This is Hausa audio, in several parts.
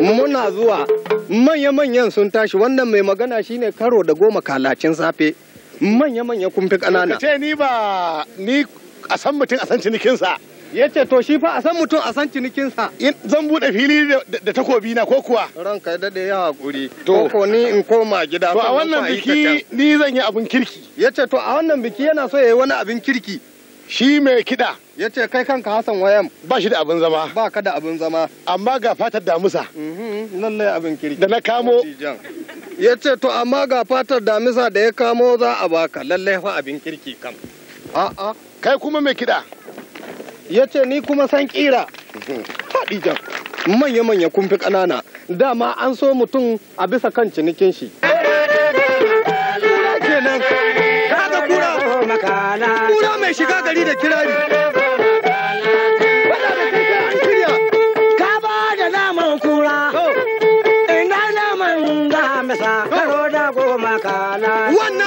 muna zuwa manya-manyan sun tashi wannan mai magana shine karo da goma kalacin safe manya-manya kun fi ƙanana ce ni ba ni a san mutum a san cinikinsa ya ce to shi fa a san mutum a san cinikinsa zan buɗe fili da takobi na ko kuwa ranka dade ya haƙuri to ko ni in koma gida to a wannan biki ni zan yi abin kirki ya ce to a wannan biki yana so ya yi wani abin kirki shi mai kiɗa ya ce kai kanka hassan wayan ba shi da abin zama ba ka da abin zama amma ga fatar damisa. Mhm, lallai abin kirki da na kamo ya ce to amma ga fatar damisa da ya kamo za a baka lallai fa abin kirki kam a'a kai kuma mai kiɗa ya ce ni kuma san kira mhm. faɗi jan manya-manya fi ƙanana dama an so mutum a bisa kan cinikin shi kura mai shiga gari da kirari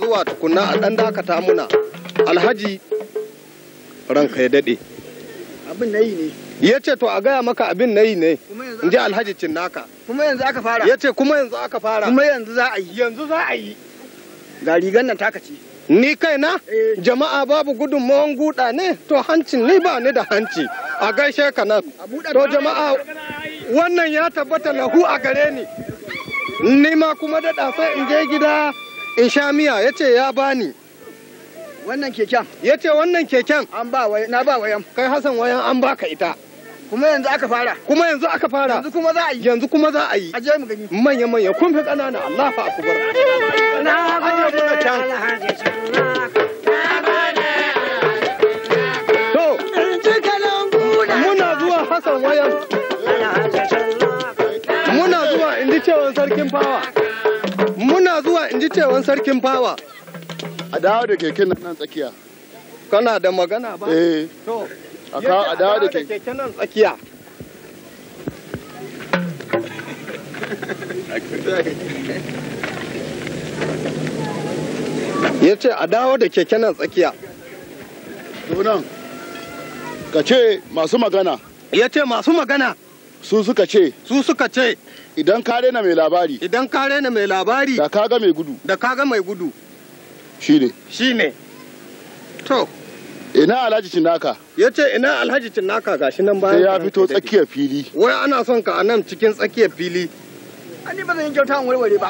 zuwa tukuna a ɗan dakata muna alhaji ranka ya daɗe abin na yi ne ya ce to a gaya maka abin na yi ne in ji alhaji naka kuma yanzu aka fara ya ce kuma yanzu aka fara kuma yanzu za a yi yanzu za a yi ga rigar nan taka ce ni kaina eh. jama'a babu gudunmawan guda ne to hancin ni ba ni da hanci a gaishe ka nan to jama'a wannan ya tabbata lahu a gare ni ni ma kuma da sai in je gida in sha miya ya ce ya bani wannan keken ya ce wannan keken an ba wayan na ba wayan kai hasan wayan an baka ita kuma yanzu aka fara kuma yanzu aka fara yanzu kuma za a yi yanzu kuma za a yi aje mu gani manya manya kun fi kanana Allahu akbar na gode alhaji to muna zuwa hasan wayan muna zuwa indi cewa sarkin fawa muna zuwa in ji cewan sarkin fawa a dawo da keken nan tsakiya kana da magana ba eh to a dawo da keken nan tsakiya ya ce a dawo da keke nan tsakiya nan, ka ce masu magana ya ce masu magana su suka ce su suka ce idan ka rena mai labari idan ka rena mai labari da kaga mai gudu da kaga mai gudu shi ne. shi ne. to ina alhaji cinaka ya ce ina alhaji cinaka gashi nan bayan sai ya fito tsakiyar fili wai ana son ka a nan cikin tsakiyar fili Ani ba zan yi kyauta warware ba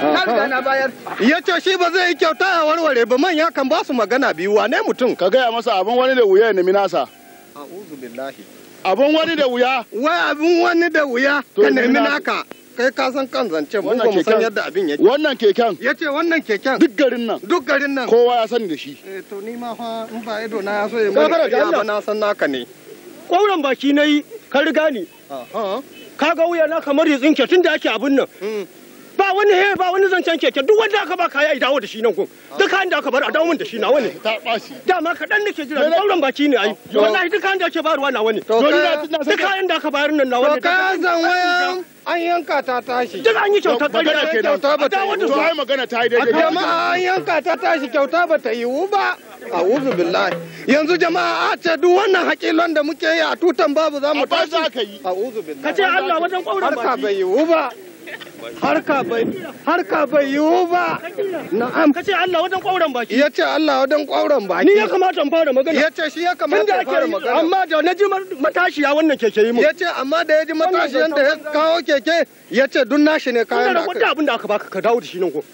na riga na bayar ya ce shi ba zai yi kyauta a warware ba manya kan ba su magana biyu wane mutum ka gaya masa abin wani da wuya ne minasa a'udhu billahi abun wani da wuya wai abun wani da wuya ka nemi naka kai ka san kan zance mun ba mu san yadda abin yake wannan keken yace wannan keken duk garin nan duk garin nan kowa ya sani da shi eh to ni ma fa in ba ido na ya so ya mun ba na san naka ne kwauran baki nayi ka riga ni ka ga wuya na kamar ya tsinke tunda yake abun nan hmm. ba wani he ba wani zancen keke duk wanda aka ba kaya a dawo da shi nan gun duk kayan da aka bar a dawo da shi na wani dama kaɗan nake jira sauran baki ne ai wallahi duk kayan da ake bayarwa na wani duk kayan da aka bayar nan na wani ka zan waya an yanka ta tashi duk an yi kyauta ƙarya kenan a dawo da su ai magana ta yi daidai jama'a an yanka ta tashi kyauta ba ta yiwu ba a'udhu billahi yanzu jama'a a ce duk wannan hakilan da muke yi a tutan babu za mu tashi a'udhu billahi ce Allah wajen ƙauran baki bai yiwu ba harka bai yiwu ba na'am kace Allah wajen kwauran baki yace Allah wajen kwauran baki ni ya kamata in fara magana yace shi ya kamata in fara magana amma da na ji ya wannan keke yi mu yace amma da ya ji matashiyan da ya kawo keke yace dun nashi ne kayan da aka abin da aka baka ka dawo da shi nan ko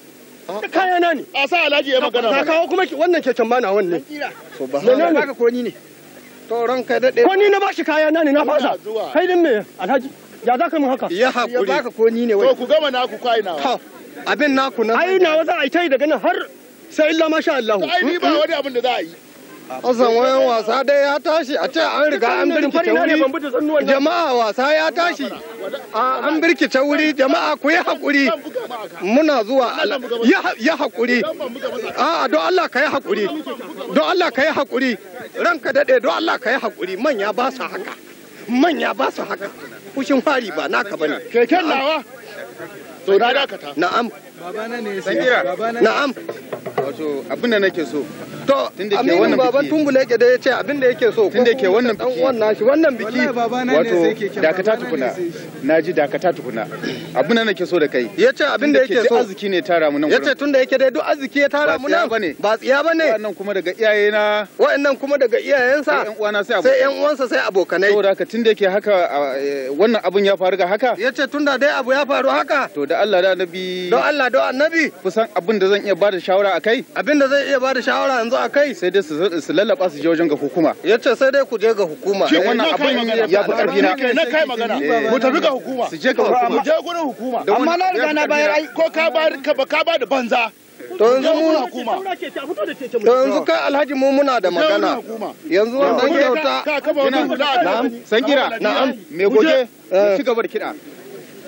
ah. kaya na ne a sa alhaji ya magana ka kawo kuma wannan keken ma na wannan subhanallah baka ko ni ne to ranka dade ko ni na bashi kaya na ne na fasa kai din me alhaji ya za ka mu haka ya hakuri ya ko ni ne wai to ku gama naku kai na abin naku na ai nawa za a yi tai daga nan har sai illa masha Allah ai ni ba wani abin da za a yi Hassan wayan wasa dai ya tashi a ce an riga an birkice wuri jama'a wasa ya tashi an birkice wuri jama'a ku yi haƙuri muna zuwa ya haƙuri a don Allah ka yi haƙuri don Allah ka yi haƙuri ranka daɗe don Allah ka yi haƙuri manya ba su haka manya ba su haka fushin fari ba naka bane keken nawa to na dakata na'am babana ne sai babana na'am wato abin da nake so to aminu baban yake da ya ce abin da yake so tunda yake wannan biki wannan shi wannan biki wato dakata tukuna naji dakata tukuna abin nan nake so da kai ya ce abin da yake so arziki ne tara mu nan ya ce tunda yake dai duk arziki ya tara mu nan ba tsiya bane wannan kuma daga iyayena wa'annan kuma daga iyayensa sai uwana sai sai yan uwansa sai abokanai saboda haka tunda yake haka eh, wannan abun ya faru ga haka ya ce tunda dai abu ya faru haka to da Allah da annabi don Allah don annabi kusan abin da zan iya bada shawara akai abin da zan iya bada shawara yanzu a kai sai dai su lallaba su je wajen ga hukuma ya ce sai dai ku je ga hukuma shi eh, wannan abin ya fi karfi na na kai magana eh, mu tafi ga hukuma su je ga hukuma mu je gurin hukuma amma na riga na bayar ai ko ka bayar ka ba ka ba da banza to yanzu mu to yanzu kai alhaji mu muna da magana yanzu wannan yauta na'am san kira na'am me goje shi eh. gabar da kiɗa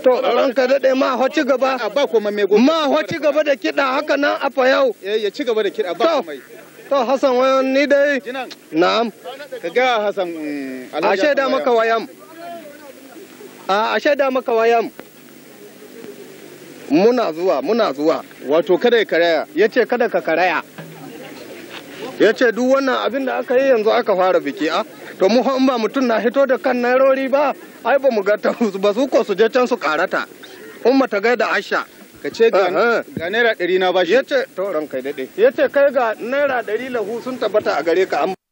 to ka dade ma ho ci gaba ba kuma me goge ma ho ci gaba da kiɗa haka nan a fa yau eh ya ci gaba da kiɗa ba komai To Hassan wayan ni dai na'am. Ka ga Hassan eh, A shaida maka wayam. A shaida maka wayam. Muna zuwa, muna zuwa. Wato kada ya karaya, ya ce kada ka karaya. Ya ce duk wannan abin da aka yi yanzu aka fara biki a. To mu ba mutum na hito da kan narori ba, ai ba mu ga ta ba su ko su je can su karata. Umma ta gaida Aisha. ka ce ga naira ɗari na bashi ya ce tauran kai daɗe ya ce kai ga naira ɗari lahu sun tabbata a gare ka